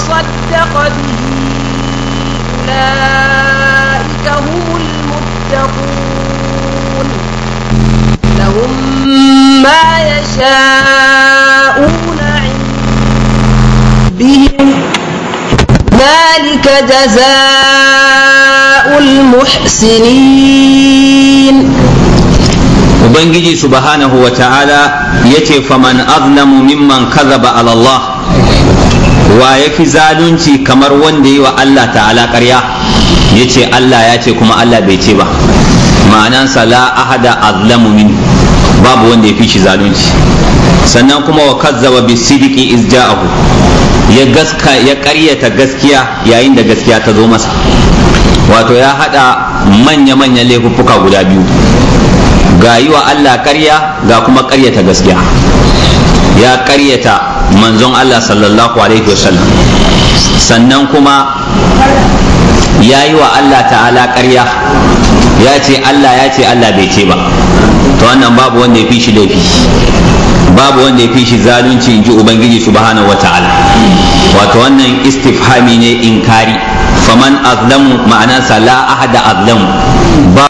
وصدق به أولئك هم المتقون لهم ما يشاءون بهم ذلك جزاء المحسنين Ubangiji subhanahu wa ta'ala ya ce, Faman azlamu mimman kazaba Allah wa ya fi zalunci kamar wanda yi wa Allah ta'ala ƙarya ya ce Allah ya ce kuma Allah bai ce ba ma'anan la ahada azlamu min babu wanda ya fi shi zalunci sannan kuma wa kazzaba bi sidiki iz ja'ahu ya gaska ya ƙaryata gaskiya yayin da gaskiya ta zo masa wato ya hada manya-manyan laifuffuka guda biyu ga yi wa Allah ƙarya ga kuma ƙaryata gaskiya ya karyata. manzon Allah sallallahu alaihi wasallam sannan kuma ya yi wa Allah ta'ala ƙarya ya ce Allah ya ce Allah bai ce ba to wannan babu wanda ya fi shi laifi babu wanda ya fi shi zalunci in ji ubangiji subhanahu wa ta'ala wato wannan istifhami ne inkari faman azlamu ma'anarsa la ahada azlamu